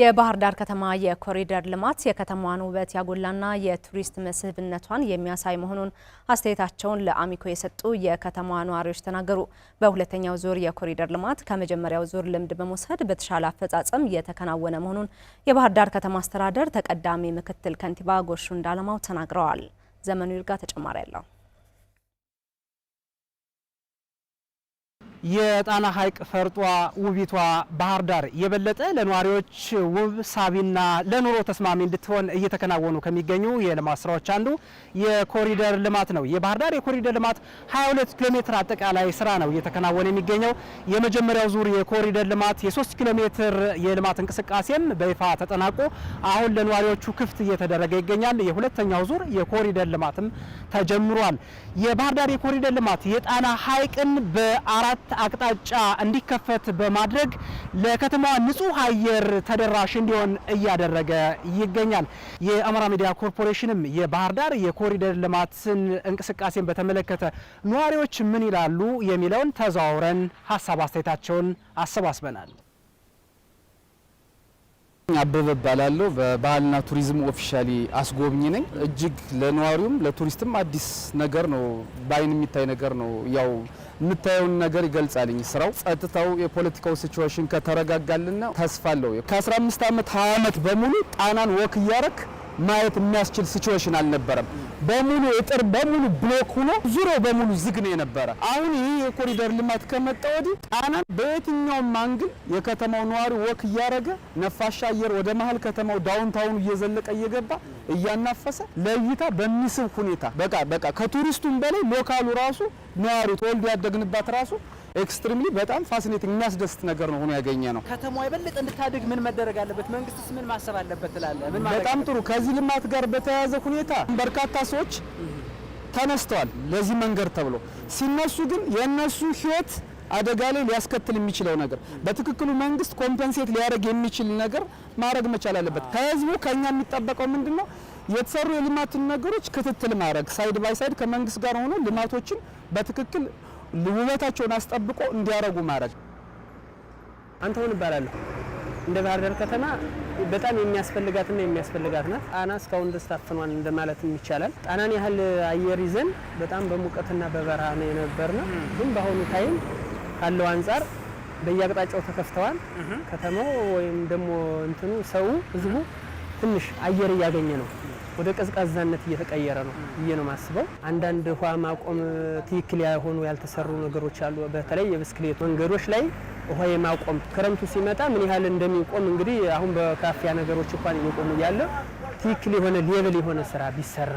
የባህር ዳር ከተማ የኮሪደር ልማት የከተማዋን ውበት ያጎላና የቱሪስት መስህብነቷን የሚያሳይ መሆኑን አስተያየታቸውን ለአሚኮ የሰጡ የከተማዋ ነዋሪዎች ተናገሩ። በሁለተኛው ዙር የኮሪደር ልማት ከመጀመሪያው ዙር ልምድ በመውሰድ በተሻለ አፈጻጸም እየተከናወነ መሆኑን የባህር ዳር ከተማ አስተዳደር ተቀዳሚ ምክትል ከንቲባ ጎሹ እንዳለማው ተናግረዋል። ዘመኑ ይርጋ ተጨማሪ ያለው የጣና ሐይቅ ፈርጧ ውቢቷ ባህር ዳር የበለጠ ለነዋሪዎች ውብ ሳቢና ለኑሮ ተስማሚ እንድትሆን እየተከናወኑ ከሚገኙ የልማት ስራዎች አንዱ የኮሪደር ልማት ነው። የባህር ዳር የኮሪደር ልማት 22 ኪሎ ሜትር አጠቃላይ ስራ ነው እየተከናወነ የሚገኘው። የመጀመሪያው ዙር የኮሪደር ልማት የ3 ኪሎ ሜትር የልማት እንቅስቃሴም በይፋ ተጠናቆ አሁን ለነዋሪዎቹ ክፍት እየተደረገ ይገኛል። የሁለተኛው ዙር የኮሪደር ልማትም ተጀምሯል። የባህር ዳር የኮሪደር ልማት የጣና ሐይቅን በአራት አቅጣጫ እንዲከፈት በማድረግ ለከተማዋ ንጹህ አየር ተደራሽ እንዲሆን እያደረገ ይገኛል። የአማራ ሚዲያ ኮርፖሬሽንም የባህር ዳር የኮሪደር ልማትን እንቅስቃሴን በተመለከተ ነዋሪዎች ምን ይላሉ የሚለውን ተዘዋውረን ሀሳብ አስተያየታቸውን አሰባስበናል። አበበ እባላለሁ። በባህልና ቱሪዝም ኦፊሻሊ አስጎብኝ ነኝ። እጅግ ለነዋሪውም ለቱሪስትም አዲስ ነገር ነው፣ በአይን የሚታይ ነገር ነው ያው የምታየውን ነገር ይገልጻልኝ። ስራው ጸጥታው፣ የፖለቲካው ሲቹዌሽን ከተረጋጋልና ተስፋ አለው። ከ15 ዓመት 20 ዓመት በሙሉ ጣናን ወክ እያረክ ማየት የሚያስችል ሲቹዌሽን አልነበረም። በሙሉ እጥር በሙሉ ብሎክ ሆኖ ዙሮ በሙሉ ዝግ ነው የነበረ። አሁን ይህ የኮሪደር ልማት ከመጣ ወዲህ ጣናን በየትኛውም አንግል የከተማው ነዋሪ ወክ እያደረገ ነፋሻ አየር ወደ መሀል ከተማው ዳውንታውኑ እየዘለቀ እየገባ እያናፈሰ ለእይታ በሚስብ ሁኔታ በቃ በቃ ከቱሪስቱም በላይ ሎካሉ ራሱ ነዋሪ ተወልዶ ያደግንባት ራሱ ኤክስትሪምሊ በጣም ፋሲኔቲንግ የሚያስደስት ነገር ነው ሆኖ ያገኘ ነው። ከተማዋ የበለጠ እንድታድግ ምን መደረግ አለበት? መንግስትስ ምን ማሰብ አለበት ትላለህ? በጣም ጥሩ። ከዚህ ልማት ጋር በተያያዘ ሁኔታ በርካታ ቄሶች ተነስተዋል ለዚህ መንገድ ተብሎ ሲነሱ ግን የእነሱ ህይወት አደጋ ላይ ሊያስከትል የሚችለው ነገር በትክክሉ መንግስት ኮምፐንሴት ሊያደርግ የሚችል ነገር ማድረግ መቻል አለበት። ከህዝቡ ከኛ የሚጠበቀው ምንድነው? የተሰሩ የልማትን ነገሮች ክትትል ማድረግ ሳይድ ባይ ሳይድ ከመንግስት ጋር ሆኖ ልማቶችን በትክክል ውበታቸውን አስጠብቆ እንዲያደርጉ ማድረግ። አንተሁን እባላለሁ እንደ ባህር ዳር ከተማ በጣም የሚያስፈልጋትና የሚያስፈልጋት ናት። ጣና እስካሁን ድረስ ታፍኗል እንደማለትም ይቻላል። ጣናን ያህል አየር ይዘን በጣም በሙቀትና በበረሃ ነው የነበርነው። ግን በአሁኑ ታይም ካለው አንጻር በየአቅጣጫው ተከፍተዋል። ከተማው ወይም ደግሞ እንትኑ ሰው ህዝቡ ትንሽ አየር እያገኘ ነው፣ ወደ ቀዝቃዛነት እየተቀየረ ነው ብዬ ነው የማስበው። አንዳንድ ውሃ ማቆም ትክክል ያልሆኑ ያልተሰሩ ነገሮች አሉ። በተለይ የብስክሌት መንገዶች ላይ ውሃ የማቆም ክረምቱ ሲመጣ ምን ያህል እንደሚቆም እንግዲህ አሁን በካፊያ ነገሮች እንኳን እየቆሙ እያለ ትክክል የሆነ ሌብል የሆነ ስራ ቢሰራ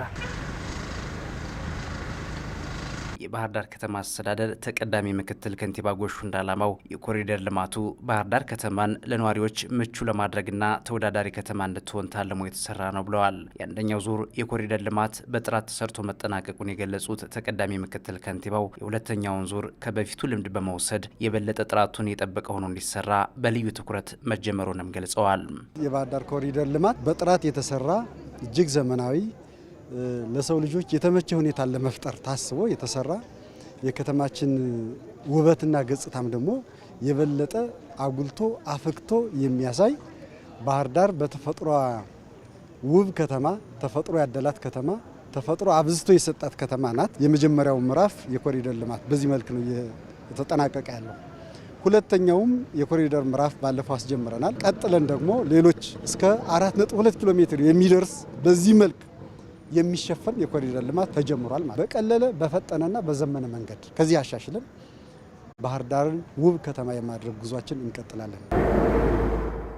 የባህር ዳር ከተማ አስተዳደር ተቀዳሚ ምክትል ከንቲባ ጎሹ እንዳላማው የኮሪደር ልማቱ ባህር ዳር ከተማን ለነዋሪዎች ምቹ ለማድረግና ተወዳዳሪ ከተማ እንድትሆን ታልሞ የተሰራ ነው ብለዋል። የአንደኛው ዙር የኮሪደር ልማት በጥራት ተሰርቶ መጠናቀቁን የገለጹት ተቀዳሚ ምክትል ከንቲባው የሁለተኛውን ዙር ከበፊቱ ልምድ በመውሰድ የበለጠ ጥራቱን የጠበቀ ሆኖ እንዲሰራ በልዩ ትኩረት መጀመሩንም ገልጸዋል። የባህር ዳር ኮሪደር ልማት በጥራት የተሰራ እጅግ ዘመናዊ ለሰው ልጆች የተመቸ ሁኔታ ለመፍጠር ታስቦ የተሰራ የከተማችን ውበትና ገጽታም ደግሞ የበለጠ አጉልቶ አፍክቶ የሚያሳይ ባህር ዳር በተፈጥሯ ውብ ከተማ፣ ተፈጥሮ ያደላት ከተማ፣ ተፈጥሮ አብዝቶ የሰጣት ከተማ ናት። የመጀመሪያው ምዕራፍ የኮሪደር ልማት በዚህ መልክ ነው የተጠናቀቀ ያለው። ሁለተኛውም የኮሪደር ምዕራፍ ባለፈው አስጀምረናል። ቀጥለን ደግሞ ሌሎች እስከ 4.2 ኪሎ ሜትር የሚደርስ በዚህ መልክ የሚሸፈን የኮሪደር ልማት ተጀምሯል። ማለት በቀለለ በፈጠነና በዘመነ መንገድ ከዚህ አሻሽልም ባህር ዳርን ውብ ከተማ የማድረግ ጉዟችን እንቀጥላለን።